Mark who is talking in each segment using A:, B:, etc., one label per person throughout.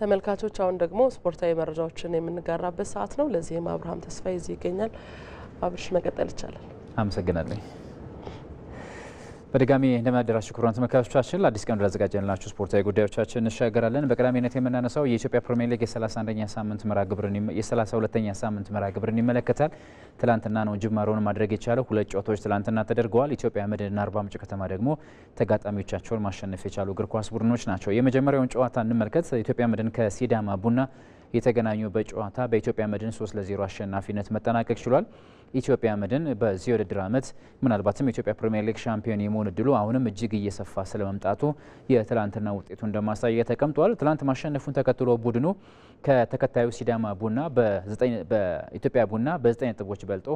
A: ተመልካቾች አሁን ደግሞ ስፖርታዊ መረጃዎችን የምንጋራበት ሰዓት ነው። ለዚህም አብርሃም ተስፋዬ እዚህ ይገኛል። አብርሽ መቀጠል ይቻላል።
B: አመሰግናለሁ። በድጋሚ እንደምናደራችሁ ክቡራን ተመልካቾቻችን ለአዲስ ቀን ላዘጋጀንላችሁ ስፖርታዊ ጉዳዮቻችን እንሻገራለን። በቀዳሚነት የምናነሳው የኢትዮጵያ ፕሪሚየር ሊግ የ31ኛ ሳምንት መርሃ ግብርን የ32ኛ ሳምንት መርሃ ግብርን ይመለከታል። ትላንትና ነው ጅማሮን ማድረግ የቻለው። ሁለት ጨዋታዎች ትላንትና ተደርገዋል። ኢትዮጵያ መድንና አርባ ምንጭ ከተማ ደግሞ ተጋጣሚዎቻቸውን ማሸነፍ የቻሉ እግር ኳስ ቡድኖች ናቸው። የመጀመሪያውን ጨዋታ እንመልከት። ኢትዮጵያ መድን ከሲዳማ ቡና የተገናኙ በጨዋታ በኢትዮጵያ መድን 3 ለ0 አሸናፊነት መጠናቀቅ ችሏል። ኢትዮጵያ መድን በዚህ ውድድር ዓመት ምናልባትም የኢትዮጵያ ፕሪምየር ሊግ ሻምፒዮን የመሆን እድሉ አሁንም እጅግ እየሰፋ ስለመምጣቱ የትላንትና ውጤቱ እንደማሳየ ተቀምጧል። ትላንት ማሸነፉን ተከትሎ ቡድኑ ከተከታዩ ሲዳማ ቡና በኢትዮጵያ ቡና በዘጠኝ ነጥቦች በልጦ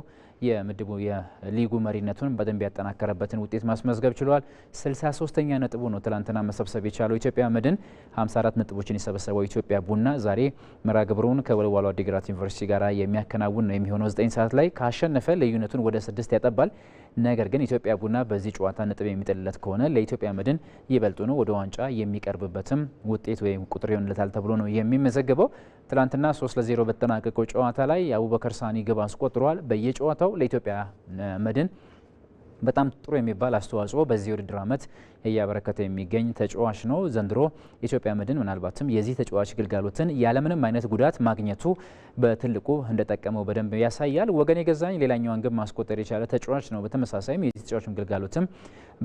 B: የምድቡ የሊጉ መሪነቱን በደንብ ያጠናከረበትን ውጤት ማስመዝገብ ችሏል። 63ኛ ነጥቡ ነው ትላንትና መሰብሰብ የቻለው ኢትዮጵያ መድን 54 ነጥቦችን የሰበሰበው ኢትዮጵያ ቡና ዛሬ መራግብሩን ከወልዋሎ ዓዲግራት ዩኒቨርሲቲ ጋር የሚያከናውን ነው የሚሆነው 9 ሰዓት ላይ ካሸነፈ ልዩነቱን ወደ ስድስት ያጠባል። ነገር ግን ኢትዮጵያ ቡና በዚህ ጨዋታ ነጥብ የሚጥልለት ከሆነ ለኢትዮጵያ መድን ይበልጡ ነው ወደ ዋንጫ የሚቀርብበትም ውጤት ወይም ቁጥር ይሆንለታል ተብሎ ነው የሚመዘገበው። ትላንትና ሶስት ለዜሮ በተጠናቀቀው ጨዋታ ላይ የአቡበከር ሳኒ ግብ አስቆጥሯል። በየጨዋታው ለኢትዮጵያ መድን በጣም ጥሩ የሚባል አስተዋጽኦ በዚህ ውድድር ዓመት እያበረከተ የሚገኝ ተጫዋች ነው። ዘንድሮ ኢትዮጵያ መድን ምናልባትም የዚህ ተጫዋች ግልጋሎትን ያለምንም አይነት ጉዳት ማግኘቱ በትልቁ እንደጠቀመው በደንብ ያሳያል። ወገን የገዛኝ ሌላኛዋን ግብ ማስቆጠር የቻለ ተጫዋች ነው። በተመሳሳይም የዚህ ተጫዋችም ግልጋሎትም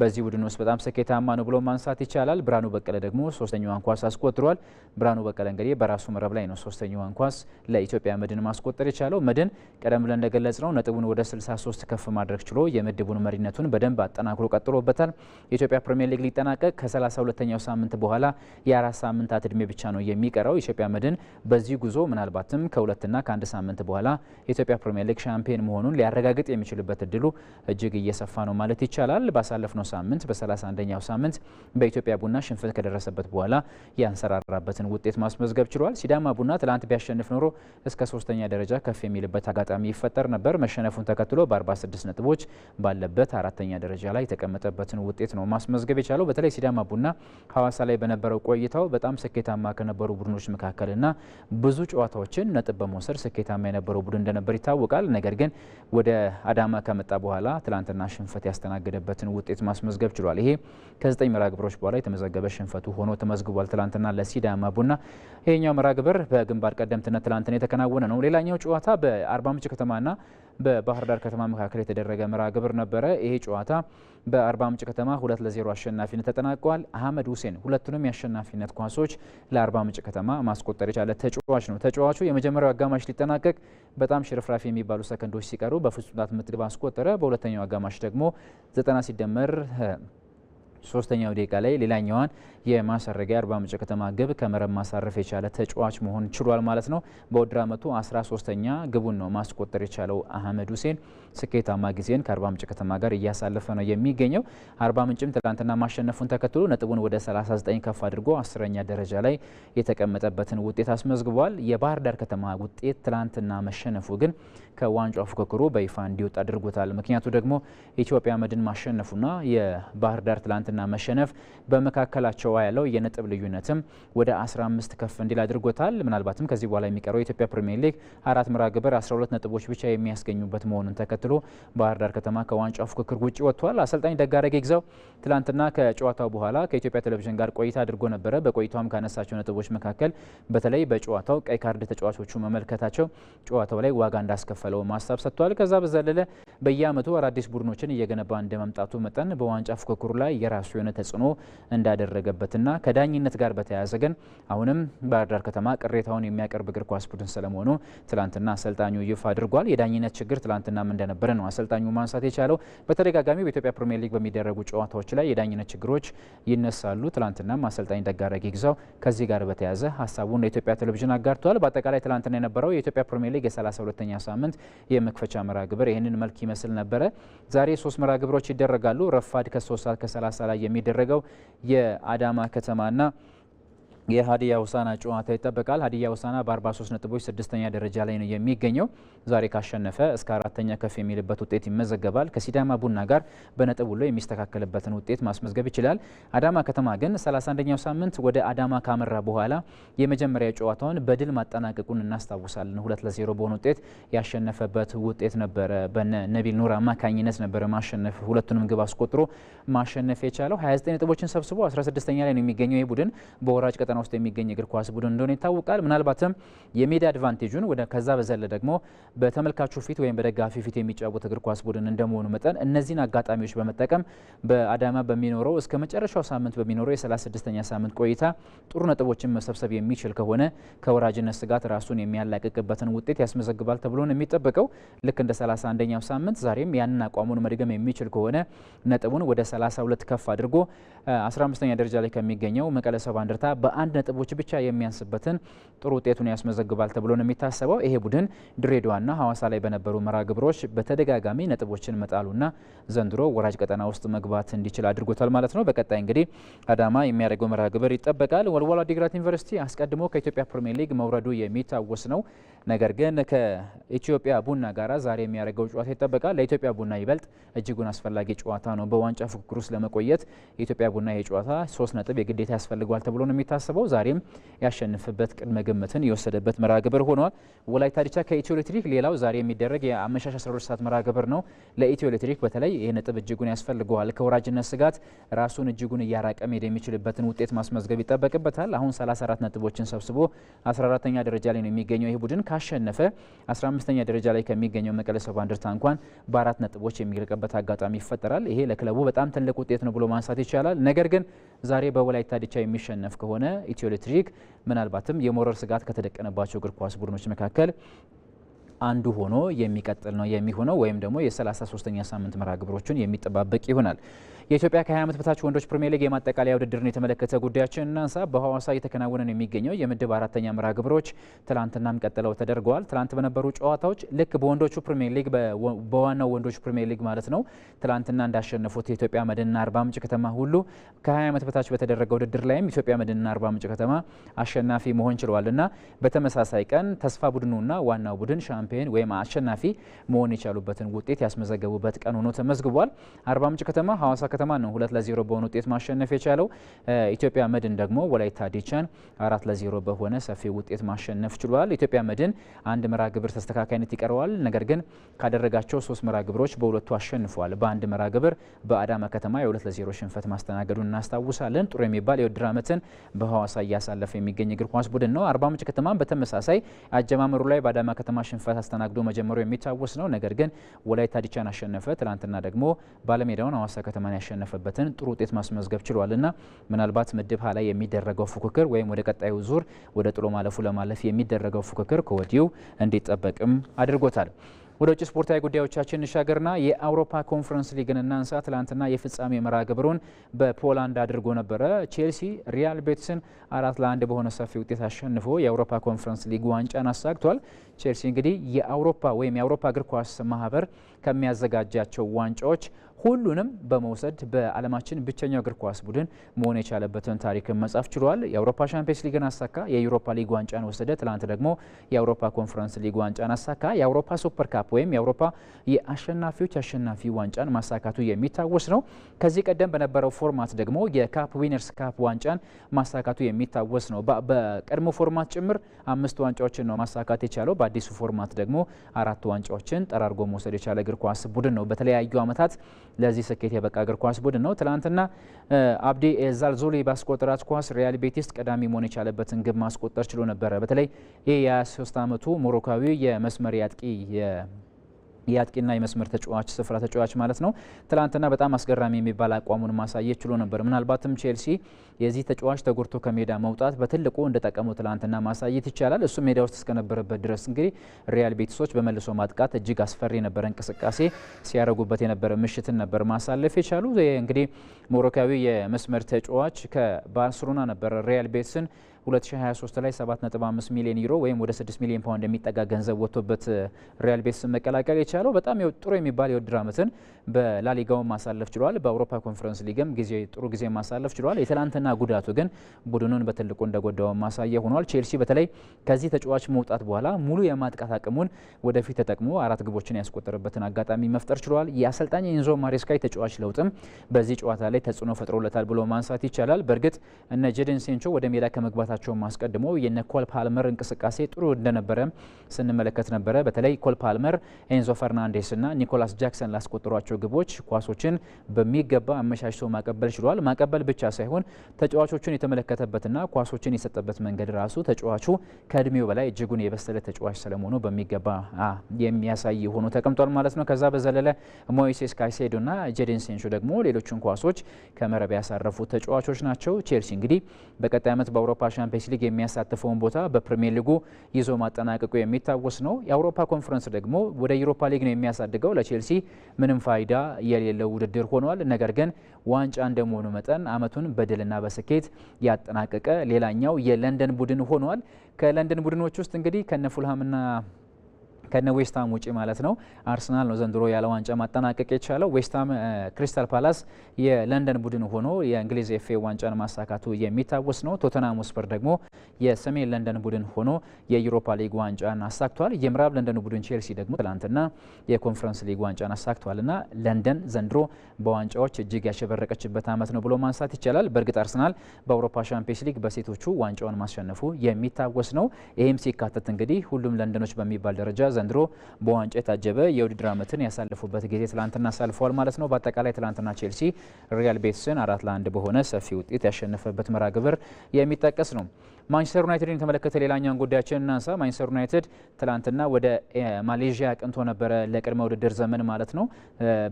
B: በዚህ ቡድን ውስጥ በጣም ስኬታማ ነው ብሎ ማንሳት ይቻላል። ብርሃኑ በቀለ ደግሞ ሶስተኛዋን ኳስ አስቆጥሯል። ብርሃኑ በቀለ እንግዲህ በራሱ መረብ ላይ ነው ሶስተኛዋን ኳስ ለኢትዮጵያ መድን ማስቆጠር የቻለው። መድን ቀደም ብለን እንደገለጽ ነው ነጥቡን ወደ 63 ከፍ ማድረግ ችሎ የምድቡን መሪነት ግንኙነቱን በደንብ አጠናክሮ ቀጥሎበታል። የኢትዮጵያ ፕሪሚየር ሊግ ሊጠናቀቅ ከ 32 ሳምንት በኋላ የአራት ሳምንታት እድሜ ብቻ ነው የሚቀረው። የኢትዮጵያ መድን በዚህ ጉዞ ምናልባትም ከሁለትና ከአንድ ሳምንት በኋላ የኢትዮጵያ ፕሪሚየር ሊግ ሻምፒዮን መሆኑን ሊያረጋግጥ የሚችልበት እድሉ እጅግ እየሰፋ ነው ማለት ይቻላል። ባሳለፍነው ሳምንት በ31ኛው ሳምንት በኢትዮጵያ ቡና ሽንፈት ከደረሰበት በኋላ ያንሰራራበትን ውጤት ማስመዝገብ ችሏል። ሲዳማ ቡና ትላንት ቢያሸንፍ ኖሮ እስከ ሶስተኛ ደረጃ ከፍ የሚልበት አጋጣሚ ይፈጠር ነበር። መሸነፉን ተከትሎ በ46 ነጥቦች ባለበት አራተኛ ደረጃ ላይ የተቀመጠበትን ውጤት ነው ማስመዝገብ የቻለው። በተለይ ሲዳማ ቡና ሀዋሳ ላይ በነበረው ቆይታው በጣም ስኬታማ ከነበሩ ቡድኖች መካከልና ብዙ ጨዋታዎችን ነጥብ በመውሰድ ስኬታማ የነበረው ቡድን እንደነበር ይታወቃል። ነገር ግን ወደ አዳማ ከመጣ በኋላ ትላንትና ሽንፈት ያስተናገደበትን ውጤት ማስመዝገብ ችሏል። ይሄ ከዘጠኝ መርሃ ግብሮች በኋላ የተመዘገበ ሽንፈቱ ሆኖ ተመዝግቧል። ትላንትና ለሲዳማ ቡና ይሄኛው መርሃ ግብር በግንባር ቀደምትነት ትላንትና የተከናወነ ነው። ሌላኛው ጨዋታ በአርባ ከተማና በባህር ዳር ከተማ መካከል የተደረገ መርሃ ግብር ነበረ። ይሄ ጨዋታ በአርባ ምንጭ ከተማ ሁለት ለዜሮ አሸናፊነት ተጠናቋል። አህመድ ሁሴን ሁለቱንም የአሸናፊነት ኳሶች ለአርባ ምንጭ ከተማ ማስቆጠር የቻለ ተጫዋች ነው። ተጫዋቹ የመጀመሪያው አጋማሽ ሊጠናቀቅ በጣም ሽርፍራፊ የሚባሉ ሰከንዶች ሲቀሩ በፍጹም ቅጣት ምት አስቆጠረ። በሁለተኛው አጋማሽ ደግሞ ዘጠና ሲደመር ሶስተኛው ደቂቃ ላይ ሌላኛዋን የማሰረጊያ አርባ ምንጭ ከተማ ግብ ከመረብ ማሳረፍ የቻለ ተጫዋች መሆን ችሏል ማለት ነው። በውድድር ዓመቱ 13ኛ ግቡን ነው ማስቆጠር የቻለው አህመድ ሁሴን ስኬታማ ጊዜን ከአርባ ምንጭ ከተማ ጋር እያሳለፈ ነው የሚገኘው። አርባ ምንጭም ትላንትና ማሸነፉን ተከትሎ ነጥቡን ወደ 39 ከፍ አድርጎ አስረኛ ደረጃ ላይ የተቀመጠበትን ውጤት አስመዝግቧል። የባህር ዳር ከተማ ውጤት ትላንትና መሸነፉ ግን ከዋንጫ ፉክክሩ በይፋ እንዲወጣ አድርጎታል። ምክንያቱ ደግሞ ኢትዮጵያ መድን ማሸነፉና የባህር ዳር ትላንትና መሸነፍ በመካከላቸው ያለው የነጥብ ልዩነትም ወደ 15 ከፍ እንዲል አድርጎታል። ምናልባትም ከዚህ በኋላ የሚቀረው የኢትዮጵያ ፕሪሚየር ሊግ አራት ምራ ግብር 12 ነጥቦች ብቻ የሚያስገኙበት መሆኑን ተከትሎ ባህር ዳር ከተማ ከዋንጫው ፉክክር ውጭ ወጥቷል። አሰልጣኝ ደጋረጌ ግዛው ትላንትና ከጨዋታው በኋላ ከኢትዮጵያ ቴሌቪዥን ጋር ቆይታ አድርጎ ነበረ። በቆይታውም ካነሳቸው ነጥቦች መካከል በተለይ በጨዋታው ቀይ ካርድ ተጫዋቾቹ መመልከታቸው ጨዋታው ላይ ዋጋ እንዳስከፈ እንደሚከፈለው ማሳብ ሰጥቷል። ከዛ በዘለለ በየአመቱ አዳዲስ ቡድኖችን እየገነባ እንደመምጣቱ መጠን በዋንጫ ፉክክሩ ላይ የራሱ የሆነ ተጽዕኖ እንዳደረገበትና ከዳኝነት ጋር በተያያዘ ግን አሁንም ባህር ዳር ከተማ ቅሬታውን የሚያቀርብ እግር ኳስ ቡድን ስለመሆኑ ትላንትና አሰልጣኙ ይፋ አድርጓል። የዳኝነት ችግር ትላንትናም እንደነበረ ነው አሰልጣኙ ማንሳት የቻለው። በተደጋጋሚ በኢትዮጵያ ፕሪሚየር ሊግ በሚደረጉ ጨዋታዎች ላይ የዳኝነት ችግሮች ይነሳሉ። ትላንትናም አሰልጣኝ ደጋረጊ ግዛው ከዚህ ጋር በተያያዘ ሀሳቡን ለኢትዮጵያ ቴሌቪዥን አጋርተዋል። በአጠቃላይ ትላንትና የነበረው የኢትዮጵያ ፕሪሚየር ሊግ የ32ኛ ሳምንት የመክፈቻ መርሃ ግብር ይህንን መልክ ይመስል ነበረ። ዛሬ ሶስት መርሃ ግብሮች ይደረጋሉ። ረፋድ ከሶስት ሰዓት ከ ላይ የሚደረገው የአዳማ ከተማና የሀዲያ ውሳና ጨዋታ ይጠበቃል። ሀዲያ ውሳና በ43 ነጥቦች ስድስተኛ ደረጃ ላይ ነው የሚገኘው። ዛሬ ካሸነፈ እስከ አራተኛ ከፍ የሚልበት ውጤት ይመዘገባል። ከሲዳማ ቡና ጋር በነጥብ ሁሉ የሚስተካከልበትን ውጤት ማስመዝገብ ይችላል። አዳማ ከተማ ግን 31ኛው ሳምንት ወደ አዳማ ካመራ በኋላ የመጀመሪያ ጨዋታውን በድል ማጠናቀቁን እናስታውሳለን። ሁለት ለዜሮ በሆነ ውጤት ያሸነፈበት ውጤት ነበረ። በነ ነቢል ኑር አማካኝነት ነበረ ማሸነፍ ሁለቱንም ግብ አስቆጥሮ ማሸነፍ የቻለው 29 ነጥቦችን ሰብስቦ 16ኛ ላይ ነው የሚገኘው። ይህ ቡድን በወራጅ ቀጠና ቀጠና ውስጥ የሚገኝ እግር ኳስ ቡድን እንደሆነ ይታወቃል። ምናልባትም የሜዳ አድቫንቴጁን ወደ ከዛ በዘለ ደግሞ በተመልካቹ ፊት ወይም በደጋፊ ፊት የሚጫወት እግር ኳስ ቡድን እንደመሆኑ መጠን እነዚህን አጋጣሚዎች በመጠቀም በአዳማ በሚኖረው እስከ መጨረሻው ሳምንት በሚኖረው የ36ኛ ሳምንት ቆይታ ጥሩ ነጥቦችን መሰብሰብ የሚችል ከሆነ ከወራጅነት ስጋት ራሱን የሚያላቅቅበትን ውጤት ያስመዘግባል ተብሎ ነው የሚጠበቀው። ልክ እንደ 31ኛው ሳምንት ዛሬም ያንን አቋሙን መድገም የሚችል ከሆነ ነጥቡን ወደ 32 ከፍ አድርጎ 15ኛ ደረጃ ላይ ከሚገኘው መቀለ ሰባ እንደርታ በአ አንድ ነጥቦች ብቻ የሚያንስበትን ጥሩ ውጤቱን ያስመዘግባል ተብሎ ነው የሚታሰበው። ይሄ ቡድን ድሬዳዋና ሐዋሳ ላይ በነበሩ መራ ግብሮች በተደጋጋሚ ነጥቦችን መጣሉና ዘንድሮ ወራጅ ቀጠና ውስጥ መግባት እንዲችል አድርጎታል ማለት ነው። በቀጣይ እንግዲህ አዳማ የሚያደርገው መራ ግብር ይጠበቃል። ወልዋሎ ዓዲግራት ዩኒቨርሲቲ አስቀድሞ ከኢትዮጵያ ፕሪሚየር ሊግ መውረዱ የሚታወስ ነው። ነገር ግን ከኢትዮጵያ ቡና ጋር ዛሬ የሚያደርገው ጨዋታ ይጠበቃል። ለኢትዮጵያ ቡና ይበልጥ እጅጉን አስፈላጊ ጨዋታ ነው። በዋንጫ ፉክክር ውስጥ ለመቆየት የኢትዮጵያ ቡና የጨዋታ ሶስት ነጥብ የግዴታ ያስፈልገዋል ተብሎ ነው የሚታሰበው። ዛሬም ያሸንፍበት ቅድመ ግምትን የወሰደበት መርሃ ግብር ሆኗል። ወላይታ ዲቻ ከኢትዮ ኤሌክትሪክ ሌላው ዛሬ የሚደረግ የአመሻሽ 12 ሰዓት መርሃ ግብር ነው። ለኢትዮ ኤሌክትሪክ በተለይ ይህ ነጥብ እጅጉን ያስፈልገዋል። ከወራጅነት ስጋት ራሱን እጅጉን እያራቀ መሄድ የሚችልበትን ውጤት ማስመዝገብ ይጠበቅበታል። አሁን 34 ነጥቦችን ሰብስቦ 14 ተኛ ደረጃ ላይ ነው የሚገኘው ይህ ቡድን ካሸነፈ 15ኛ ደረጃ ላይ ከሚገኘው መቀለ ሰባ እንደርታ እንኳን በአራት ነጥቦች የሚርቅበት አጋጣሚ ይፈጠራል። ይሄ ለክለቡ በጣም ትልቅ ውጤት ነው ብሎ ማንሳት ይቻላል። ነገር ግን ዛሬ በወላይታ ዲቻ የሚሸነፍ ከሆነ ኢትዮ ኤሌክትሪክ ምናልባትም የሞረር ስጋት ከተደቀነባቸው እግር ኳስ ቡድኖች መካከል አንዱ ሆኖ የሚቀጥል ነው የሚሆነው ወይም ደግሞ የ33ኛ ሳምንት መርሃ ግብሮችን የሚጠባበቅ ይሆናል። የኢትዮጵያ ከ20 ዓመት በታች ወንዶች ፕሪሚየር ሊግ የማጠቃለያ ውድድርን የተመለከተ ጉዳያችን እናንሳ። በሐዋሳ እየተከናወነ ነው የሚገኘው የምድብ አራተኛ መርሃ ግብሮች ትላንትናም ቀጥለው ተደርገዋል። ትላንት በነበሩ ጨዋታዎች ልክ በወንዶቹ ፕሪሚየር ሊግ በዋናው ወንዶች ፕሪሚየር ሊግ ማለት ነው ትላንትና እንዳሸነፉት የኢትዮጵያ መድንና አርባ ምንጭ ከተማ ሁሉ ከ20 ዓመት በታች በተደረገ ውድድር ላይም ኢትዮጵያ መድንና አርባ ምንጭ ከተማ አሸናፊ መሆን ችለዋል እና በተመሳሳይ ቀን ተስፋ ቡድኑና ዋናው ቡድን ሻምፒዮን ወይም አሸናፊ መሆን የቻሉበትን ውጤት ያስመዘገቡበት ቀን ሆኖ ተመዝግቧል። አርባ ምንጭ ከተማ ሐዋሳ ከተማ ነው ሁለት ለዜሮ በሆነ ውጤት ማሸነፍ የቻለው። ኢትዮጵያ መድን ደግሞ ወላይታ ዲቻን አራት ለዜሮ በሆነ ሰፊ ውጤት ማሸነፍ ችሏል። ኢትዮጵያ መድን አንድ መራ ግብር ተስተካካይነት ይቀረዋል። ነገር ግን ካደረጋቸው ሶስት መራ ግብሮች በሁለቱ አሸንፏል። በአንድ መራ ግብር በአዳማ ከተማ የሁለት ለዜሮ ሽንፈት ማስተናገዱን እናስታውሳለን። ጥሩ የሚባል የውድድር ዓመትን በሐዋሳ እያሳለፈ የሚገኝ እግር ኳስ ቡድን ነው። አርባ ምንጭ ከተማ በተመሳሳይ አጀማመሩ ላይ በአዳማ ከተማ ሽንፈት ጉዳት አስተናግዶ መጀመሩ የሚታወስ ነው። ነገር ግን ወላይታ ዲቻን አሸነፈ። ትላንትና ደግሞ ባለሜዳውን አዋሳ ከተማን ያሸነፈበትን ጥሩ ውጤት ማስመዝገብ ችሏል እና ምናልባት ምድብ ሀ ላይ የሚደረገው ፉክክር ወይም ወደ ቀጣዩ ዙር ወደ ጥሎ ማለፉ ለማለፍ የሚደረገው ፉክክር ከወዲሁ እንዲጠበቅም አድርጎታል። ወደ ውጭ ስፖርታዊ ጉዳዮቻችን እንሻገርና የአውሮፓ ኮንፈረንስ ሊግን እናንሳ። ትላንትና የፍጻሜ መርሃ ግብሩን በፖላንድ አድርጎ ነበረ። ቼልሲ ሪያል ቤትስን አራት ለአንድ በሆነ ሰፊ ውጤት አሸንፎ የአውሮፓ ኮንፈረንስ ሊግ ዋንጫን አሳግቷል። ቼልሲ እንግዲህ የአውሮፓ ወይም የአውሮፓ እግር ኳስ ማህበር ከሚያዘጋጃቸው ዋንጫዎች ሁሉንም በመውሰድ በዓለማችን ብቸኛው እግር ኳስ ቡድን መሆን የቻለበትን ታሪክን መጻፍ ችሏል። የአውሮፓ ሻምፒየንስ ሊግን አሳካ፣ የዩሮፓ ሊግ ዋንጫን ወሰደ። ትላንት ደግሞ የአውሮፓ ኮንፈረንስ ሊግ ዋንጫን አሳካ። የአውሮፓ ሱፐር ካፕ ወይም የአውሮፓ የአሸናፊዎች አሸናፊ ዋንጫን ማሳካቱ የሚታወስ ነው። ከዚህ ቀደም በነበረው ፎርማት ደግሞ የካፕ ዊነርስ ካፕ ዋንጫን ማሳካቱ የሚታወስ ነው። በቀድሞ ፎርማት ጭምር አምስት ዋንጫዎችን ነው ማሳካት የቻለው። በአዲሱ ፎርማት ደግሞ አራት ዋንጫዎችን ጠራርጎ መውሰድ የቻለ እግር ኳስ ቡድን ነው። በተለያዩ ዓመታት ለዚህ ስኬት የበቃ እግር ኳስ ቡድን ነው። አብዴ አብዲ ኤልዛልዞሊ ባስቆጠራት ኳስ ሪያል ቤቲስ ቀዳሚ መሆን የቻለበትን ግብ ማስቆጠር ችሎ ነበረ። በተለይ ይህ የ23 ዓመቱ ሞሮካዊ የመስመር አጥቂ የአጥቂና የመስመር ተጫዋች ስፍራ ተጫዋች ማለት ነው። ትላንትና በጣም አስገራሚ የሚባል አቋሙን ማሳየት ችሎ ነበር። ምናልባትም ቼልሲ የዚህ ተጫዋች ተጎድቶ ከሜዳ መውጣት በትልቁ እንደጠቀመው ትላንትና ማሳየት ይቻላል። እሱ ሜዳ ውስጥ እስከነበረበት ድረስ እንግዲህ ሪያል ቤቲሶች በመልሶ ማጥቃት እጅግ አስፈሪ የነበረ እንቅስቃሴ ሲያደርጉበት የነበረ ምሽትን ነበር ማሳለፍ የቻሉ። እንግዲህ ሞሮካዊ የመስመር ተጫዋች ከባርሴሎና ነበረ ሪያል ቤቲስን 2023 ላይ 7.5 ሚሊዮን ዩሮ ወይም ወደ 6 ሚሊዮን ፓውንድ የሚጠጋ ገንዘብ ወጥቶበት ሪያል ቤስ መቀላቀል የቻለው በጣም ጥሩ የሚባል የውድድር ዓመትን በላሊጋው ማሳለፍ ችሏል። በአውሮፓ ኮንፈረንስ ሊግም ጊዜ ጥሩ ጊዜ ማሳለፍ ችሏል። የትላንትና ጉዳቱ ግን ቡድኑን በትልቁ እንደጎዳው ማሳያ ሆኗል። ቼልሲ በተለይ ከዚህ ተጫዋች መውጣት በኋላ ሙሉ የማጥቃት አቅሙን ወደፊት ተጠቅሞ አራት ግቦችን ያስቆጠረበትን አጋጣሚ መፍጠር ችሏል። የአሰልጣኝ ኢንዞ ማሬስካ ተጫዋች ለውጥም በዚህ ጨዋታ ላይ ተጽዕኖ ፈጥሮለታል ብሎ ማንሳት ይቻላል። በእርግጥ እነ ጄደን ሴንቾ ወደ ሜዳ ከመግባት ከመምጣታቸውም አስቀድሞ የነ ኮል ፓልመር እንቅስቃሴ ጥሩ እንደነበረ ስንመለከት ነበረ። በተለይ ኮል ፓልመር፣ ኤንዞ እና ኒኮላስ ጃክሰን ላስቆጠሯቸው ግቦች ኳሶችን በሚገባ አመቻችቶ ማቀበል ችሏል። ማቀበል ብቻ ሳይሆን ተጫዋቾችን የተመለከተበትና ኳሶችን የሰጠበት መንገድ ራሱ ተጫዋቹ ከእድሜው በላይ እጅጉን የበሰለ ተጫዋች ስለመሆኑ በሚገባ የሚያሳይ ሆኖ ተቀምጧል ማለት ነው። ከዛ በዘለለ ሞይሴስ ካይሴዶና ጄደን ሴንሾ ደግሞ ሌሎችን ኳሶች ከመረብ ያሳረፉ ተጫዋቾች ናቸው። ቼልሲ እንግዲህ በቀጣይ ዓመት በአውሮፓ ቻምፒየንስ ሊግ የሚያሳትፈውን ቦታ በፕሪሚየር ሊጉ ይዞ ማጠናቀቁ የሚታወስ ነው። የአውሮፓ ኮንፈረንስ ደግሞ ወደ ዩሮፓ ሊግ ነው የሚያሳድገው። ለቼልሲ ምንም ፋይዳ የሌለው ውድድር ሆኗል። ነገር ግን ዋንጫ እንደመሆኑ መጠን አመቱን በድልና በስኬት ያጠናቀቀ ሌላኛው የለንደን ቡድን ሆኗል። ከለንደን ቡድኖች ውስጥ እንግዲህ ከነ ፉልሃምና ከነ ዌስትሃም ውጪ ማለት ነው። አርሰናል ነው ዘንድሮ ያለ ዋንጫ ማጠናቀቅ የቻለው። ዌስትሃም ክሪስታል ፓላስ የለንደን ቡድን ሆኖ የእንግሊዝ ኤፍ ኤ ዋንጫን ማሳካቱ የሚታወስ ነው። ቶተናም ስፐር ደግሞ የሰሜን ለንደን ቡድን ሆኖ የዩሮፓ ሊግ ዋንጫን አሳክቷል። የምዕራብ ለንደን ቡድን ቼልሲ ደግሞ ትላንትና የኮንፈረንስ ሊግ ዋንጫን አሳክቷል ለንደን ዘንድሮ በዋንጫዎች እጅግ ያሸበረቀችበት ዓመት ነው ብሎ ማንሳት ይቻላል። በእርግጥ አርሰናል በአውሮፓ ሻምፒየንስ ሊግ በሴቶቹ ዋንጫውን ማሸነፉ የሚታወስ ነው። ይህም ሲካተት እንግዲህ ሁሉም ለንደኖች በሚባል ደረጃ ዘንድሮ በዋንጫ የታጀበ የውድድር ዓመትን ያሳለፉበት ጊዜ ትላንትና አሳልፈዋል ማለት ነው። በአጠቃላይ ትላንትና ቼልሲ ሪያል ቤትስን አራት ለአንድ በሆነ ሰፊ ውጤት ያሸነፈበት መርሃ ግብር የሚጠቀስ ነው። ማንቸስተር ዩናይትድን የተመለከተ ሌላኛውን ጉዳያችን እናንሳ። ማንቸስተር ዩናይትድ ትላንትና ወደ ማሌዥያ አቅንቶ ነበረ ለቅድመ ውድድር ዘመን ማለት ነው።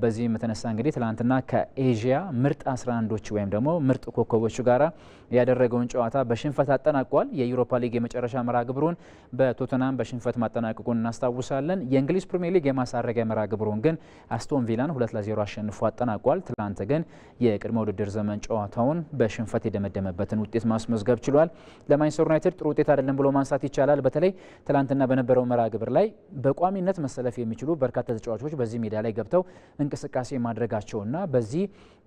B: በዚህም የተነሳ እንግዲህ ትላንትና ከኤዥያ ምርጥ 11 አንዶች ወይም ደግሞ ምርጥ ኮከቦቹ ጋራ ያደረገውን ጨዋታ በሽንፈት አጠናቋል። የዩሮፓ ሊግ የመጨረሻ መርሃ ግብሩን በቶተናም በሽንፈት ማጠናቀቁን እናስታወ እናስታውሳለን። የእንግሊዝ ፕሪሚየር ሊግ የማሳረጊያ መርሃ ግብሩን ግን አስቶን ቪላን ለ0 አሸንፎ አጠናቋል። ትላንት ግን የቅድመ ውድድር ዘመን ጨዋታውን በሽንፈት የደመደመበትን ውጤት ማስመዝገብ ችሏል። ለማንቸስተር ዩናይትድ ጥሩ ውጤት አይደለም ብሎ ማንሳት ይቻላል። በተለይ ትላንትና በነበረው መርሃ ግብር ላይ በቋሚነት መሰለፍ የሚችሉ በርካታ ተጫዋቾች በዚህ ሜዳ ላይ ገብተው እንቅስቃሴ ማድረጋቸውና በዚህ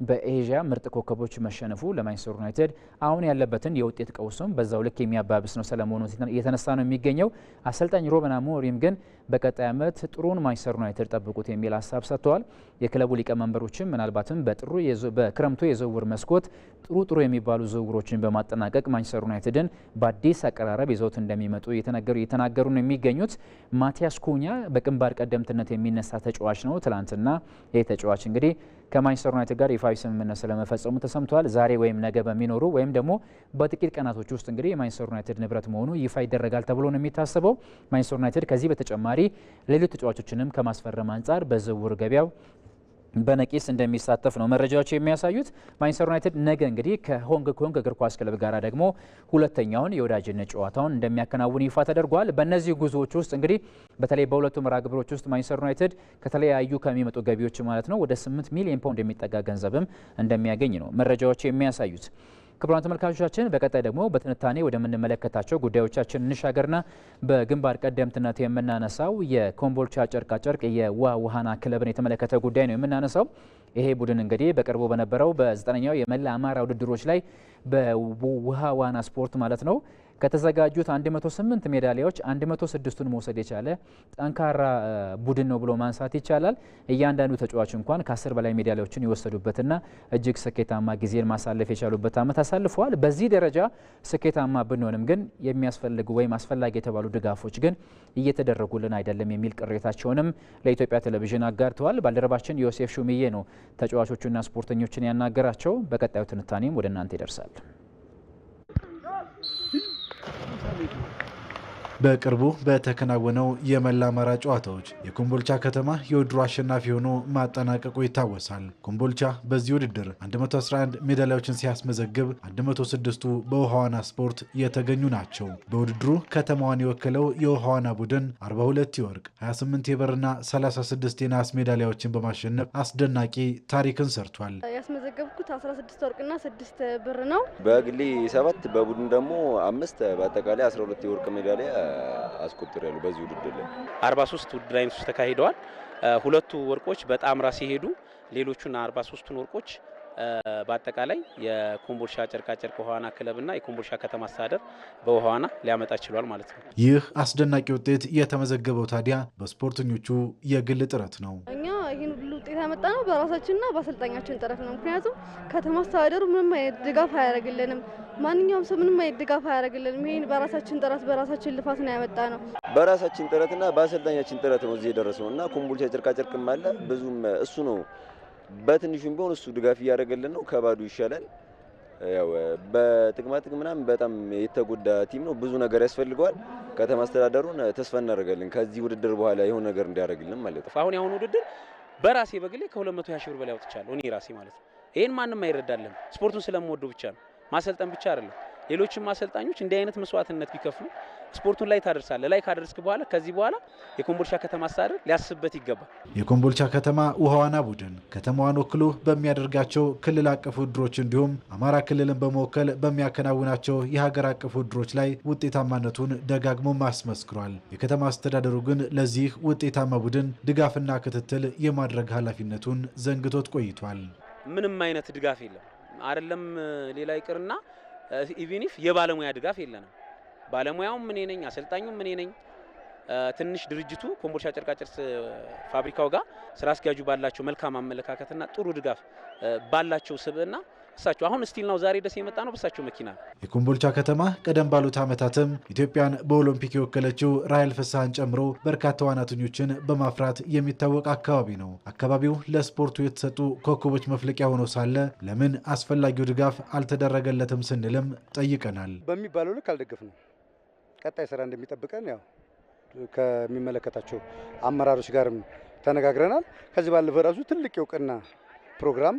B: በኤዥያ ምርጥ ኮከቦች መሸነፉ ለማንቸስተር ዩናይትድ አሁን ያለበትን የውጤት ቀውስም በዛው ልክ የሚያባብስ ነው ስለመሆኑ የተነሳ ነው የሚገኘው። አሰልጣኝ ሮበን አሞሪም ግን በቀጣይ ዓመት ጥሩን ማንቸስተር ዩናይትድ ጠብቁት የሚል ሀሳብ ሰጥተዋል። የክለቡ ሊቀመንበሮችም ምናልባትም በጥሩ በክረምቱ የዝውውር መስኮት ጥሩ ጥሩ የሚባሉ ዝውውሮችን በማጠናቀቅ ማንቸስተር ዩናይትድን በአዲስ አቀራረብ ይዘውት እንደሚመጡ እየተናገሩ ነው የሚገኙት። ማቲያስ ኩኛ በግንባር ቀደምትነት የሚነሳ ተጫዋች ነው። ትላንትና ይህ ተጫዋች እንግዲህ ከማንቸስተር ዩናይትድ ጋር ይፋዊ ስምምነት ስለመፈጸሙ ተሰምቷል። ዛሬ ወይም ነገ በሚኖሩ ወይም ደግሞ በጥቂት ቀናቶች ውስጥ እንግዲህ የማንቸስተር ዩናይትድ ንብረት መሆኑ ይፋ ይደረጋል ተብሎ ነው የሚታሰበው። ማንቸስተር ዩናይትድ ከዚህ በተጨማሪ ሌሎች ተጫዋቾችንም ከማስፈረም አንጻር በዝውውር ገበያው በነቂስ እንደሚሳተፍ ነው መረጃዎች የሚያሳዩት። ማንቸስተር ዩናይትድ ነገ እንግዲህ ከሆንግ ኮንግ እግር ኳስ ክለብ ጋር ደግሞ ሁለተኛውን የወዳጅነት ጨዋታውን እንደሚያከናውን ይፋ ተደርጓል። በእነዚህ ጉዞዎች ውስጥ እንግዲህ በተለይ በሁለቱ መርሃ ግብሮች ውስጥ ማንቸስተር ዩናይትድ ከተለያዩ ከሚመጡ ገቢዎች ማለት ነው ወደ 8 ሚሊዮን ፓውንድ የሚጠጋ ገንዘብም እንደሚያገኝ ነው መረጃዎች የሚያሳዩት። ክቡራን ተመልካቾቻችን በቀጣይ ደግሞ በትንታኔ ወደምንመለከታቸው ጉዳዮቻችን እንሻገርና በግንባር ቀደምትነት የምናነሳው የኮምቦልቻ ጨርቃጨርቅ የውሃ ውሃና ክለብን የተመለከተ ጉዳይ ነው የምናነሳው። ይሄ ቡድን እንግዲህ በቅርቡ በነበረው በዘጠነኛው የመላ አማራ ውድድሮች ላይ በውሃ ዋና ስፖርት ማለት ነው ከተዘጋጁት 108 ሜዳሊያዎች 106ቱን መውሰድ የቻለ ጠንካራ ቡድን ነው ብሎ ማንሳት ይቻላል። እያንዳንዱ ተጫዋች እንኳን ከ10 በላይ ሜዳሊያዎችን የወሰዱበትና እጅግ ስኬታማ ጊዜን ማሳለፍ የቻሉበት ዓመት አሳልፈዋል። በዚህ ደረጃ ስኬታማ ብንሆንም ግን የሚያስፈልጉ ወይም አስፈላጊ የተባሉ ድጋፎች ግን እየተደረጉልን አይደለም የሚል ቅሬታቸውንም ለኢትዮጵያ ቴሌቪዥን አጋርተዋል። ባልደረባችን ዮሴፍ ሹምዬ ነው ተጫዋቾቹና ስፖርተኞችን ያናገራቸው። በቀጣዩ ትንታኔም ወደ እናንተ ይደርሳል።
C: በቅርቡ በተከናወነው የመላ አማራ ጨዋታዎች የኮምቦልቻ ከተማ የውድሩ አሸናፊ ሆኖ ማጠናቀቁ ይታወሳል። ኮምቦልቻ በዚህ ውድድር 111 ሜዳሊያዎችን ሲያስመዘግብ 106ቱ በውሃ ዋና ስፖርት የተገኙ ናቸው። በውድድሩ ከተማዋን የወከለው የውሃ ዋና ቡድን 42 የወርቅ 28 የብርና 36 የነሐስ ሜዳሊያዎችን በማሸነፍ አስደናቂ ታሪክን ሰርቷል።
D: ያስመዘገብኩት 16 ወርቅና 6 ብር ነው።
E: በግሌ 7 በቡድን ደግሞ አምስት በአጠቃላይ 12 የወርቅ ሜዳሊያ አስቆጥር ያሉ በዚህ ውድድር ላይ
F: 43 ውድድር አይነቶች ተካሂደዋል። ሁለቱ ወርቆች በጣምራ ሲሄዱ ሌሎቹና 43ቱን ወርቆች በአጠቃላይ የኮምቦልሻ ጨርቃጨርቅ ውሃዋና ክለብና የኮምቦልሻ ከተማ አስተዳደር በውሃዋና ሊያመጣ ችሏል ማለት ነው።
C: ይህ አስደናቂ ውጤት የተመዘገበው ታዲያ በስፖርተኞቹ የግል ጥረት ነው።
D: እኛ ይህን ሁሉ ውጤት ያመጣ ነው በራሳችንና በአሰልጣኛችን ጥረት ነው። ምክንያቱም ከተማ አስተዳደሩ ምንም አይነት ድጋፍ አያደርግልንም። ማንኛውም ሰው ምንም አይነት ድጋፍ አያደርግልንም። ይህን በራሳችን ጥረት በራሳችን ልፋት ነው ያመጣ ነው።
E: በራሳችን ጥረትና በአሰልጣኛችን ጥረት ነው እዚህ የደረሰው እና ኮምቦልቻ ጨርቃጨርቅም አለ ብዙም እሱ ነው በትንሹም ቢሆን እሱ ድጋፍ እያደረገልን ነው። ከባዱ ይሻላል። ያው በጥቅማ ጥቅም ምናምን በጣም የተጎዳ ቲም ነው። ብዙ ነገር ያስፈልገዋል። ከተማ አስተዳደሩን ተስፋ እናደርጋለን ከዚህ ውድድር በኋላ የሆነ ነገር እንዲያደርግልን ማለት ነው።
F: አሁን ያሁኑ ውድድር በራሴ በግሌ ከ200 ሺህ ብር በላይ አውጥቻለሁ እኔ ራሴ ማለት ነው። ይህን ማንም አይረዳልም። ስፖርቱን ስለምወደው ብቻ ነው። ማሰልጠን ብቻ አይደለም። ሌሎችም አሰልጣኞች እንዲህ አይነት መስዋዕትነት ቢከፍሉ ስፖርቱን ላይ ታደርሳለ። ላይ ካደርስክ በኋላ ከዚህ በኋላ የኮምቦልቻ ከተማ አስተዳደር ሊያስብበት ይገባል።
C: የኮምቦልቻ ከተማ ውሃ ዋና ቡድን ከተማዋን ወክሎ በሚያደርጋቸው ክልል አቀፍ ውድድሮች እንዲሁም አማራ ክልልን በመወከል በሚያከናውናቸው የሀገር አቀፍ ውድድሮች ላይ ውጤታማነቱን ደጋግሞ አስመስክሯል። የከተማ አስተዳደሩ ግን ለዚህ ውጤታማ ቡድን ድጋፍና ክትትል የማድረግ ኃላፊነቱን ዘንግቶት ቆይቷል።
F: ምንም አይነት ድጋፍ የለም። አይደለም ሌላ ይቅርና ኢቭን ኢፍ የባለሙያ ድጋፍ የለንም። ባለሙያውም እኔ ነኝ፣ አሰልጣኙም እኔ ነኝ። ትንሽ ድርጅቱ ኮምቦልቻ ጨርቃጨርስ ፋብሪካው ጋር ስራ አስኪያጁ ባላቸው መልካም አመለካከትና ጥሩ ድጋፍ ባላቸው ስብዕና እሳቸው አሁን ስቲል ነው ዛሬ ደስ የመጣ ነው በሳቸው መኪና።
C: የኮምቦልቻ ከተማ ቀደም ባሉት ዓመታትም ኢትዮጵያን በኦሎምፒክ የወከለችው ራይል ፍስሐን ጨምሮ በርካታ ዋናተኞችን በማፍራት የሚታወቅ አካባቢ ነው። አካባቢው ለስፖርቱ የተሰጡ ኮከቦች መፍለቂያ ሆኖ ሳለ ለምን አስፈላጊው ድጋፍ አልተደረገለትም ስንልም ጠይቀናል።
G: በሚባለው ልክ ነው ቀጣይ ስራ እንደሚጠብቀን ያው ከሚመለከታቸው አመራሮች ጋርም ተነጋግረናል። ከዚህ ባለፈ ራሱ ትልቅ የእውቅና ፕሮግራም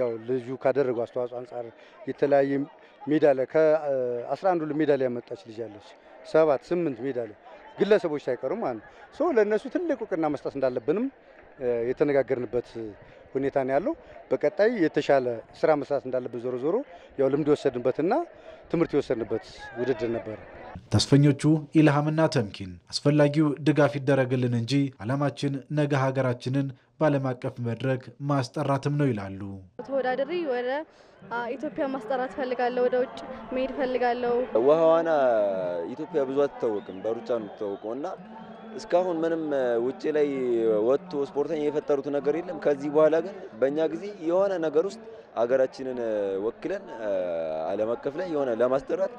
G: ያው ልጁ ካደረገው አስተዋጽኦ አንጻር የተለያየ ሜዳሊያ ከአስራ አንዱ ሜዳሊያ ያመጣች ልጅ አለች። ሰባት ስምንት ሜዳሊያ ግለሰቦች ሳይቀሩ ማለት ነው። ለእነሱ ትልቅ እውቅና መስጠት እንዳለብንም የተነጋገርንበት ሁኔታ ነው ያለው። በቀጣይ የተሻለ ስራ መስራት እንዳለብን ዞሮ ዞሮ ያው ልምድ የወሰድንበትና ትምህርት የወሰድንበት ውድድር ነበር።
C: ተስፈኞቹ ኢልሃምና ተምኪን አስፈላጊው ድጋፍ ይደረግልን እንጂ አላማችን ነገ ሀገራችንን በዓለም አቀፍ መድረክ ማስጠራትም ነው ይላሉ።
D: ተወዳደሪ ወደ ኢትዮጵያ ማስጠራት ፈልጋለሁ፣ ወደ ውጭ መሄድ ፈልጋለሁ።
E: ውሃ ዋና ኢትዮጵያ ብዙ አትታወቅም፣ በሩጫ ነው የምትታወቀው እና እስካሁን ምንም ውጭ ላይ ወጥቶ ስፖርተኛ የፈጠሩት ነገር የለም። ከዚህ በኋላ ግን በእኛ ጊዜ የሆነ ነገር ውስጥ አገራችንን ወክለን ዓለም አቀፍ ላይ የሆነ ለማስጠራት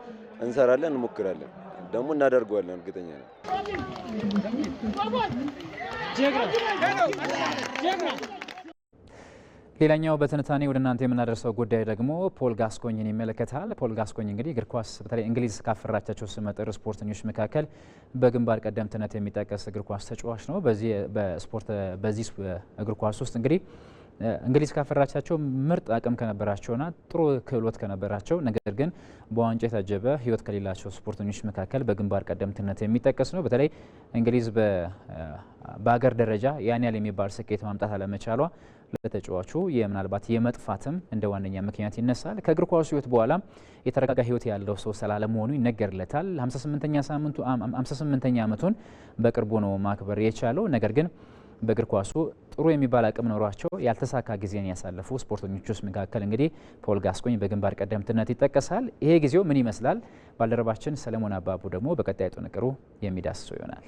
E: እንሰራለን፣ እንሞክራለን። ደግሞ እናደርገዋለን፣ እርግጠኛ
B: ሌላኛው በትንታኔ ወደ እናንተ የምናደርሰው ጉዳይ ደግሞ ፖል ጋስኮኝን ይመለከታል። ፖል ጋስኮኝ እንግዲህ እግር ኳስ በተለይ እንግሊዝ ካፈራቻቸው ስመጥር ስፖርተኞች መካከል በግንባር ቀደምትነት የሚጠቀስ እግር ኳስ ተጫዋች ነው። በዚህ እግር ኳስ ውስጥ እንግዲህ እንግሊዝ ካፈራቻቸው ምርጥ አቅም ከነበራቸውና ጥሩ ክህሎት ከነበራቸው ነገር ግን በዋንጫ የታጀበ ህይወት ከሌላቸው ስፖርተኞች መካከል በግንባር ቀደምትነት የሚጠቀስ ነው። በተለይ እንግሊዝ በሀገር ደረጃ ያን ያህል የሚባል ስኬት ማምጣት አለመቻሏ ለተጫዋቹ የምናልባት የመጥፋትም እንደ ዋነኛ ምክንያት ይነሳል። ከእግር ኳሱ ህይወት በኋላ የተረጋጋ ህይወት ያለው ሰው ስላለመሆኑ ይነገርለታል። 58ኛ ዓመቱን በቅርቡ ነው ማክበር የቻለው ነገር ግን በእግር ኳሱ ጥሩ የሚባል አቅም ኖሯቸው ያልተሳካ ጊዜን ያሳለፉ ስፖርተኞች ውስጥ መካከል እንግዲህ ፖል ጋስኮኝ በግንባር ቀደምትነት ይጠቀሳል። ይሄ ጊዜው ምን ይመስላል? ባልደረባችን ሰለሞን አባቡ ደግሞ በቀጣይ ጥንቅሩ የሚዳስሰው ይሆናል።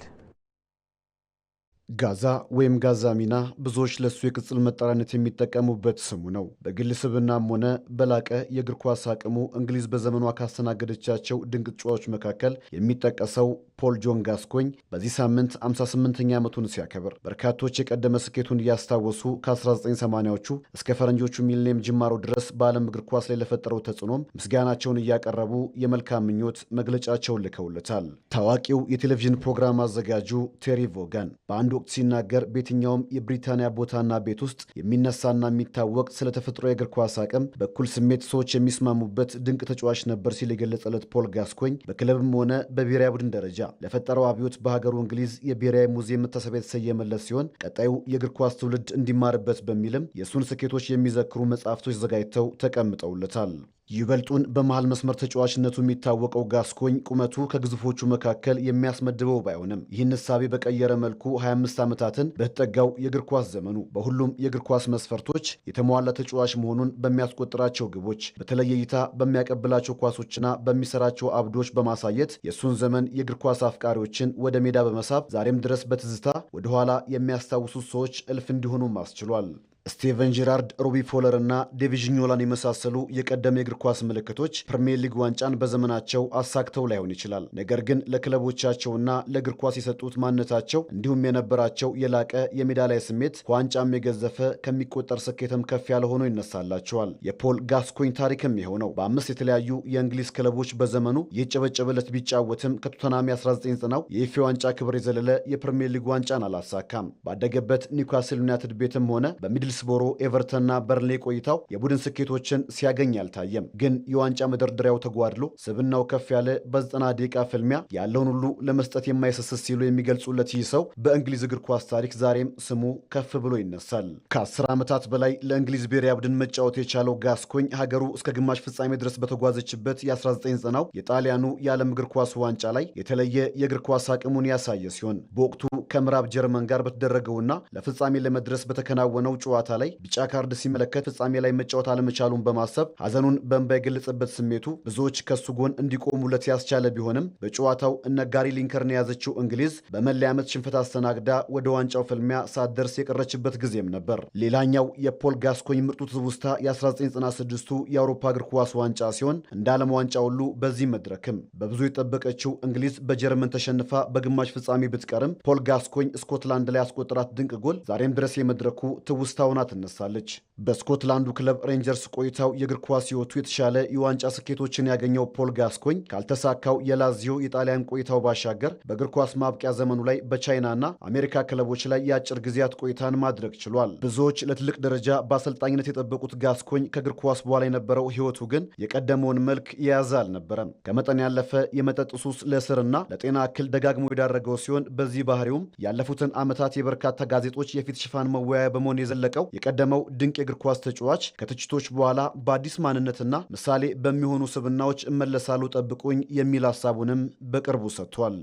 C: ጋዛ ወይም ጋዛ ሚና ብዙዎች ለሱ የቅጽል መጠሪያነት የሚጠቀሙበት ስሙ ነው። በግል ስብናም ሆነ በላቀ የእግር ኳስ አቅሙ እንግሊዝ በዘመኗ ካስተናገደቻቸው ድንቅ ጨዋቾች መካከል የሚጠቀሰው ፖል ጆን ጋስኮኝ በዚህ ሳምንት 58ኛ ዓመቱን ሲያከብር በርካቶች የቀደመ ስኬቱን እያስታወሱ ከ1980ዎቹ እስከ ፈረንጆቹ ሚሊኒየም ጅማሮ ድረስ በዓለም እግር ኳስ ላይ ለፈጠረው ተጽዕኖም ምስጋናቸውን እያቀረቡ የመልካም ምኞት መግለጫቸውን ልከውለታል። ታዋቂው የቴሌቪዥን ፕሮግራም አዘጋጁ ቴሪ ቮጋን በአንድ ወቅት ሲናገር በየትኛውም የብሪታንያ ቦታና ቤት ውስጥ የሚነሳና የሚታወቅ ስለ ተፈጥሮ የእግር ኳስ አቅም በኩል ስሜት ሰዎች የሚስማሙበት ድንቅ ተጫዋች ነበር ሲል የገለጸለት ፖል ጋስኮኝ በክለብም ሆነ በብሔራዊ ቡድን ደረጃ ለፈጠረው አብዮት በሀገሩ እንግሊዝ የብሔራዊ ሙዚየም መታሰቢያ የተሰየመለት ሲሆን ቀጣዩ የእግር ኳስ ትውልድ እንዲማርበት በሚልም የእሱን ስኬቶች የሚዘክሩ መጽሐፍቶች ዘጋጅተው ተቀምጠውለታል። ይበልጡን በመሃል መስመር ተጫዋችነቱ የሚታወቀው ጋስኮኝ ቁመቱ ከግዙፎቹ መካከል የሚያስመድበው ባይሆንም ይህን እሳቤ በቀየረ መልኩ 25 ዓመታትን በተጠጋው የእግር ኳስ ዘመኑ በሁሉም የእግር ኳስ መስፈርቶች የተሟላ ተጫዋች መሆኑን በሚያስቆጥራቸው ግቦች፣ በተለየ እይታ በሚያቀብላቸው ኳሶችና በሚሰራቸው አብዶች በማሳየት የእሱን ዘመን የእግር ኳስ አፍቃሪዎችን ወደ ሜዳ በመሳብ ዛሬም ድረስ በትዝታ ወደኋላ የሚያስታውሱት ሰዎች እልፍ እንዲሆኑም አስችሏል። ስቴቨን ጄራርድ፣ ሮቢ ፎለር እና ዴቪዥኞላን የመሳሰሉ የቀደመ የእግር ኳስ ምልክቶች ፕሪምየር ሊግ ዋንጫን በዘመናቸው አሳክተው ላይሆን ይችላል። ነገር ግን ለክለቦቻቸውና ለእግር ኳስ የሰጡት ማንነታቸው እንዲሁም የነበራቸው የላቀ የሜዳ ላይ ስሜት ከዋንጫም የገዘፈ ከሚቆጠር ስኬትም ከፍ ያለ ሆኖ ይነሳላቸዋል። የፖል ጋስኮኝ ታሪክም ይኸው ነው። በአምስት የተለያዩ የእንግሊዝ ክለቦች በዘመኑ የጨበጨበለት ቢጫወትም ከቶተናም 1990ው የኢፌ ዋንጫ ክብር የዘለለ የፕሪምየር ሊግ ዋንጫን አላሳካም። ባደገበት ኒውካስል ዩናይትድ ቤትም ሆነ በሚድል በሚድልስቦሮ ኤቨርተንና በርሌ ቆይታው የቡድን ስኬቶችን ሲያገኝ አልታየም። ግን የዋንጫ መደርደሪያው ተጓድሎ ስብናው ከፍ ያለ በዘጠና ደቂቃ ፍልሚያ ያለውን ሁሉ ለመስጠት የማይሰስት ሲሉ የሚገልጹለት ይህ ሰው በእንግሊዝ እግር ኳስ ታሪክ ዛሬም ስሙ ከፍ ብሎ ይነሳል። ከአስር ዓመታት በላይ ለእንግሊዝ ብሔራዊ ቡድን መጫወት የቻለው ጋስኮኝ ሀገሩ እስከ ግማሽ ፍጻሜ ድረስ በተጓዘችበት የ1990ው የጣሊያኑ የዓለም እግር ኳስ ዋንጫ ላይ የተለየ የእግር ኳስ አቅሙን ያሳየ ሲሆን በወቅቱ ከምዕራብ ጀርመን ጋር በተደረገውና ለፍጻሜ ለመድረስ በተከናወነው ጨዋታ ጨዋታ ላይ ቢጫ ካርድ ሲመለከት ፍጻሜ ላይ መጫወት አለመቻሉን በማሰብ ሐዘኑን በእንባ የገለጸበት ስሜቱ ብዙዎች ከሱ ጎን እንዲቆሙለት ያስቻለ ቢሆንም በጨዋታው እነ ጋሪ ሊንከርን የያዘችው እንግሊዝ በመለያ ዓመት ሽንፈት አስተናግዳ ወደ ዋንጫው ፍልሚያ ሳትደርስ የቀረችበት ጊዜም ነበር። ሌላኛው የፖል ጋስኮኝ ምርጡ ትውስታ የ1996ቱ የአውሮፓ እግር ኳስ ዋንጫ ሲሆን እንደ ዓለም ዋንጫ ሁሉ በዚህ መድረክም በብዙ የጠበቀችው እንግሊዝ በጀርመን ተሸንፋ በግማሽ ፍጻሜ ብትቀርም ፖል ጋስኮኝ ስኮትላንድ ላይ ያስቆጠራት ድንቅ ጎል ዛሬም ድረስ የመድረኩ ትውስታ ሆና ትነሳለች። በስኮትላንዱ ክለብ ሬንጀርስ ቆይታው የእግር ኳስ ሕይወቱ የተሻለ የዋንጫ ስኬቶችን ያገኘው ፖል ጋስኮኝ ካልተሳካው የላዚዮ የጣሊያን ቆይታው ባሻገር በእግር ኳስ ማብቂያ ዘመኑ ላይ በቻይናና አሜሪካ ክለቦች ላይ የአጭር ጊዜያት ቆይታን ማድረግ ችሏል። ብዙዎች ለትልቅ ደረጃ በአሰልጣኝነት የጠበቁት ጋስኮኝ ከእግር ኳስ በኋላ የነበረው ሕይወቱ ግን የቀደመውን መልክ የያዘ አልነበረም። ከመጠን ያለፈ የመጠጥ ሱስ ለእስርና ለጤና እክል ደጋግሞ የዳረገው ሲሆን በዚህ ባህሪውም ያለፉትን ዓመታት የበርካታ ጋዜጦች የፊት ሽፋን መወያያ በመሆን የዘለቀ የተጠየቀው የቀደመው ድንቅ የእግር ኳስ ተጫዋች ከትችቶች በኋላ በአዲስ ማንነትና ምሳሌ በሚሆኑ ስብናዎች እመለሳሉ ጠብቁኝ የሚል ሀሳቡንም በቅርቡ ሰጥቷል።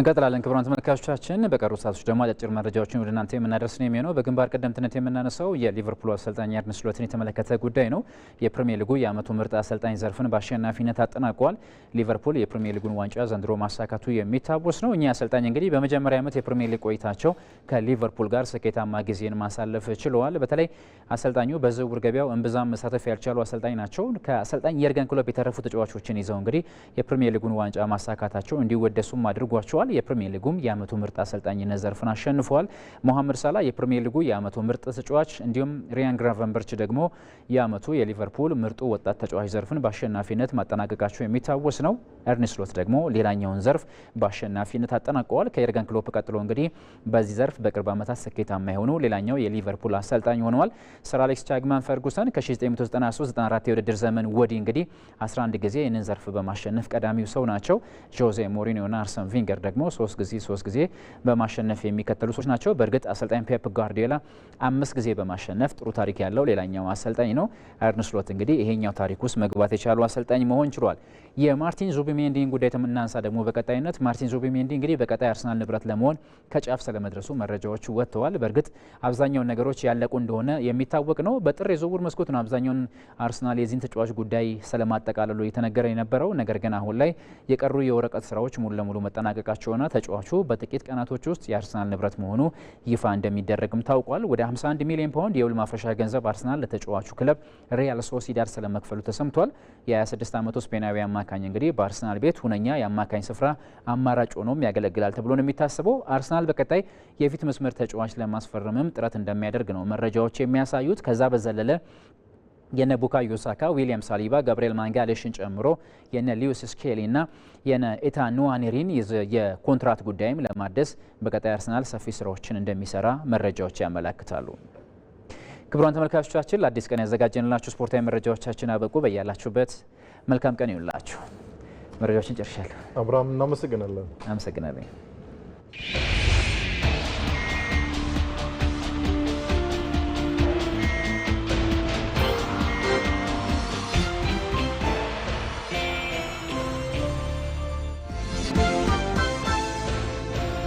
B: እንቀጥላለን ክቡራን ተመልካቾቻችን። በቀሩ ሰዓቶች ደግሞ አጫጭር መረጃዎችን ወደ እናንተ የምናደርስ ነው የሚሆነው። በግንባር ቀደምትነት የምናነሳው የሊቨርፑል አሰልጣኝ አርነ ስሎትን የተመለከተ ጉዳይ ነው። የፕሪሚየር ሊጉ የዓመቱ ምርጥ አሰልጣኝ ዘርፍን በአሸናፊነት አጠናቋል። ሊቨርፑል የፕሪሚየር ሊጉን ዋንጫ ዘንድሮ ማሳካቱ የሚታወስ ነው። እኚህ አሰልጣኝ እንግዲህ በመጀመሪያ ዓመት የፕሪሚየር ሊግ ቆይታቸው ከሊቨርፑል ጋር ስኬታማ ጊዜን ማሳለፍ ችለዋል። በተለይ አሰልጣኙ በዝውውር ገበያው እምብዛም መሳተፍ ያልቻሉ አሰልጣኝ ናቸው። ከአሰልጣኝ የርገን ክሎፕ የተረፉ ተጫዋቾችን ይዘው እንግዲህ የፕሪሚየር ሊጉን ዋንጫ ማሳካታቸው እንዲወደሱም አድርጓቸዋል። ተሳትፏል። የፕሪሚየር ሊጉም የአመቱ ምርጥ አሰልጣኝነት ዘርፍን አሸንፏል። ሞሐመድ ሳላ የፕሪሚየር ሊጉ የአመቱ ምርጥ ተጫዋች፣ እንዲሁም ሪያን ግራቨንበርች ደግሞ የአመቱ የሊቨርፑል ምርጡ ወጣት ተጫዋች ዘርፍን በአሸናፊነት ማጠናቀቃቸው የሚታወስ ነው። ኤርኔስት ሎት ደግሞ ሌላኛውን ዘርፍ በአሸናፊነት አጠናቀዋል። ከኤርገን ክሎፕ ቀጥሎ እንግዲህ በዚህ ዘርፍ በቅርብ ዓመታት ስኬታማ የሆኑ ሌላኛው የሊቨርፑል አሰልጣኝ ሆነዋል። ሰር አሌክስ ቻግማን ፈርጉሰን ከ1993/94 የውድድር ዘመን ወዲህ እንግዲህ 11 ጊዜ ይህንን ዘርፍ በማሸነፍ ቀዳሚው ሰው ናቸው። ጆዜ ሞሪኒዮና አርሰን ቪንገር ደግሞ ደግሞ ሶስት ጊዜ ሶስት ጊዜ በማሸነፍ የሚከተሉ ሰዎች ናቸው። በእርግጥ አሰልጣኝ ፔፕ ጓርዲዮላ አምስት ጊዜ በማሸነፍ ጥሩ ታሪክ ያለው ሌላኛው አሰልጣኝ ነው። አርነ ስሎት እንግዲህ ይሄኛው ታሪክ ውስጥ መግባት የቻሉ አሰልጣኝ መሆን ችሏል። የማርቲን ዙቢሜንዲን ጉዳይ ተምናንሳ ደግሞ በቀጣይነት ማርቲን ዙቢሜንዲ እንግዲህ በቀጣይ አርሰናል ንብረት ለመሆን ከጫፍ ስለመድረሱ መረጃዎቹ ወጥተዋል። በእርግጥ አብዛኛውን ነገሮች ያለቁ እንደሆነ የሚታወቅ ነው። በጥር የዝውውር መስኮት ነው አብዛኛውን አርሰናል የዚህን ተጫዋች ጉዳይ ስለማጠቃለሉ የተነገረ የነበረው ነገር ግን አሁን ላይ የቀሩ የወረቀት ስራዎች ሙሉ ለሙሉ መጠናቀቃቸው የሆነ ተጫዋቹ በጥቂት ቀናቶች ውስጥ የአርሰናል ንብረት መሆኑ ይፋ እንደሚደረግም ታውቋል። ወደ 51 ሚሊዮን ፓውንድ የውል ማፍረሻ ገንዘብ አርሰናል ለተጫዋቹ ክለብ ሪያል ሶሲዳድ ስለመክፈሉ ተሰምቷል። የ26 ዓመቱ ስፔናዊ አማካኝ እንግዲህ በአርሰናል ቤት ሁነኛ የአማካኝ ስፍራ አማራጭ ሆኖም ያገለግላል ተብሎ ነው የሚታሰበው አርሰናል በቀጣይ የፊት መስመር ተጫዋች ለማስፈረምም ጥረት እንደሚያደርግ ነው መረጃዎች የሚያሳዩት። ከዛ በዘለለ የነ ቡካዮ ሳካ፣ ዊሊያም ሳሊባ፣ ጋብርኤል ማንጋሌሽን ጨምሮ የነ ሊዩስ ስኬሊ የነ ኤታ ኑዋኔሪን የኮንትራት ጉዳይም ለማደስ በቀጣይ አርሰናል ሰፊ ስራዎችን እንደሚሰራ መረጃዎች ያመላክታሉ። ክቡራን ተመልካቾቻችን ለአዲስ ቀን ያዘጋጀንላችሁ ስፖርታዊ መረጃዎቻችን አበቁ። በያላችሁበት መልካም ቀን ይሁንላችሁ። መረጃዎችን ጨርሻለሁ።
C: አብርሃም፣ እናመሰግናለን።
B: አመሰግናለኝ።